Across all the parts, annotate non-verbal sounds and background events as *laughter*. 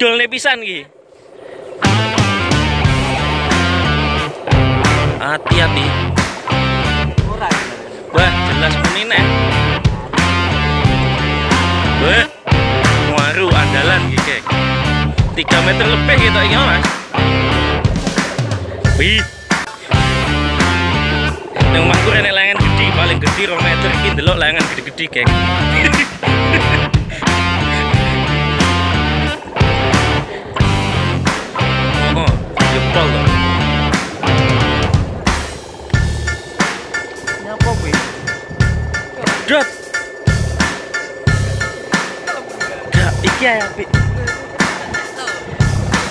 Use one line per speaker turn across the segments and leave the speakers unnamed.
dol pisan ki. Hati-hati. Wah, jelas menine. 3 meter lebih gitu ya ini mas wih yang rumahku enak layangan gede paling gede 2 meter ini delok layangan gede-gede geng *laughs* oh jempol loh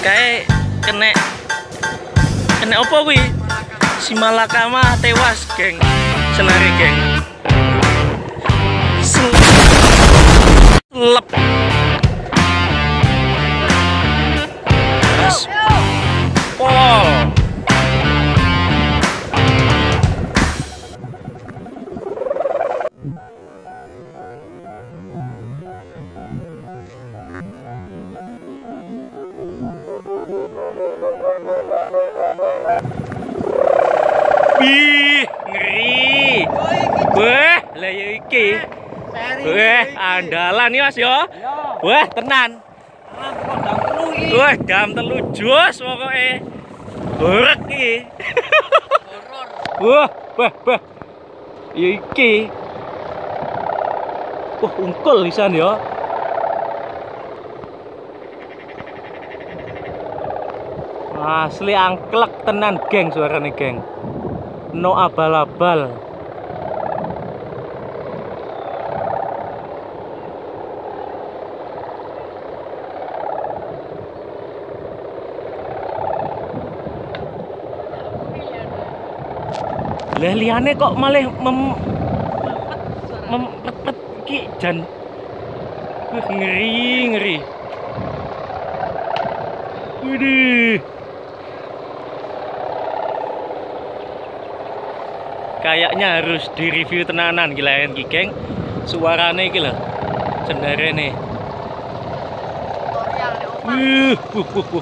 kayak kena kena apa wi si malakama tewas geng senari geng lep Ih, ngeri. Wah, lah ya iki. Wah, andalan nih ya, Mas yo, ya. Wah, tenan. Wah, jam telu jos pokoknya. Horek iki. Wah, wah, wah. iki. Wah, ungkul lisan ya. asli angklek tenan geng suara suaranya geng no abal-abal leh liane kok malah mem mempetet ki dan ngeri ngeri Widih kayaknya harus direview tenanan gila yang geng suarane iki lho cenderene uh, uh, uh, uh, uh,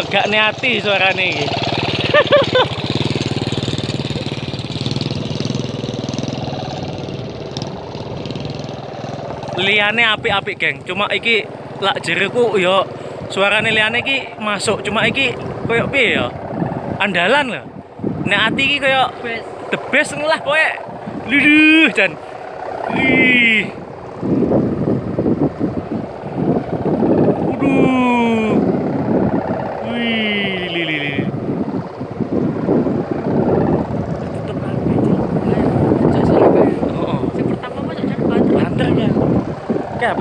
uh, suarane iki *laughs* liane apik-apik geng cuma iki lak yuk, yo suarane liane iki masuk cuma iki koyok piye ya andalan lah, nek ati iki kayak best. the best ngelah pokoknya dan wih Uduh. Wih, oh,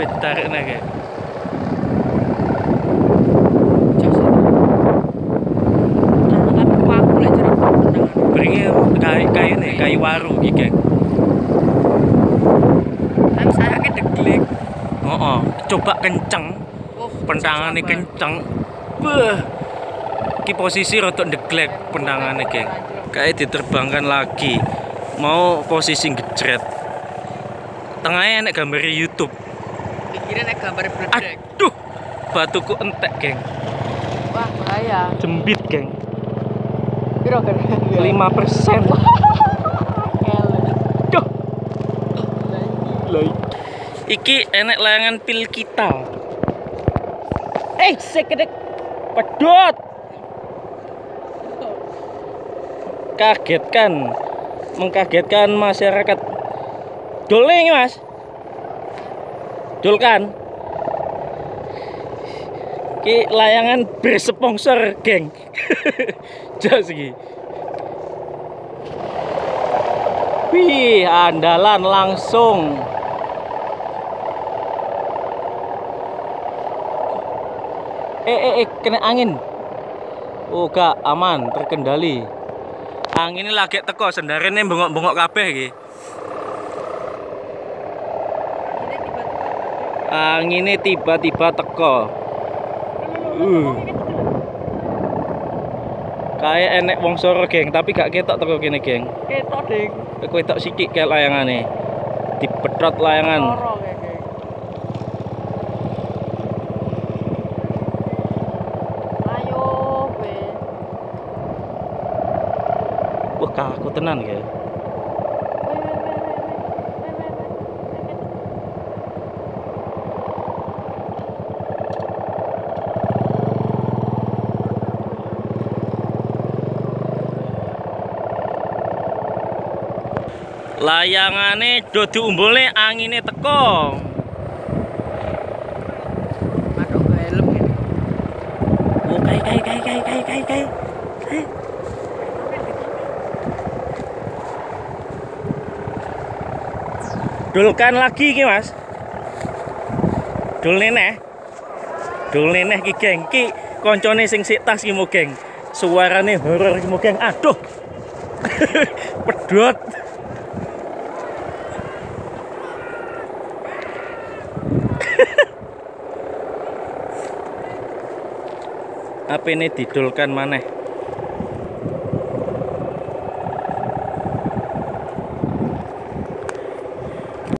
oh. naga? kayu kayu nih kayu waru gitu geng kan saya kan deglek, oh, oh coba kenceng oh, nih kenceng beh ki posisi rotok deglek nih geng kayak diterbangkan lagi mau posisi gejret tengahnya enak gambar YouTube kira enak gambar berdek aduh batuku entek geng wah bahaya jembit geng broker lima persen Iki enek layangan pil kita. Eh, sekedek pedot. Kaget kan, mengkagetkan masyarakat. Dol mas, dol kan ki layangan bersponsor geng jas *laughs* iki wih andalan langsung eh eh eh kena angin oh gak aman terkendali angin lagi teko nih bengok-bengok kabeh iki anginnya tiba-tiba teko Uh. Kayak enek wong soro, geng, tapi gak ketok teko kene, geng. Ketok, Ding. Ketok sikik kayak layangane. Dipetrot layangan. Ayo, be. Wah, kaku tenan, geng. layangannya dodo umbulnya anginnya teko aduh ke helm ini oh kai kai kai kai kai kai kai eh. dulkan lagi ini mas dul nih dul nih ini geng ini konconnya yang siktas ini geng suaranya horor ini geng aduh *laughs* pedot Apa ini didulkan maneh